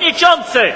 przewodniczący!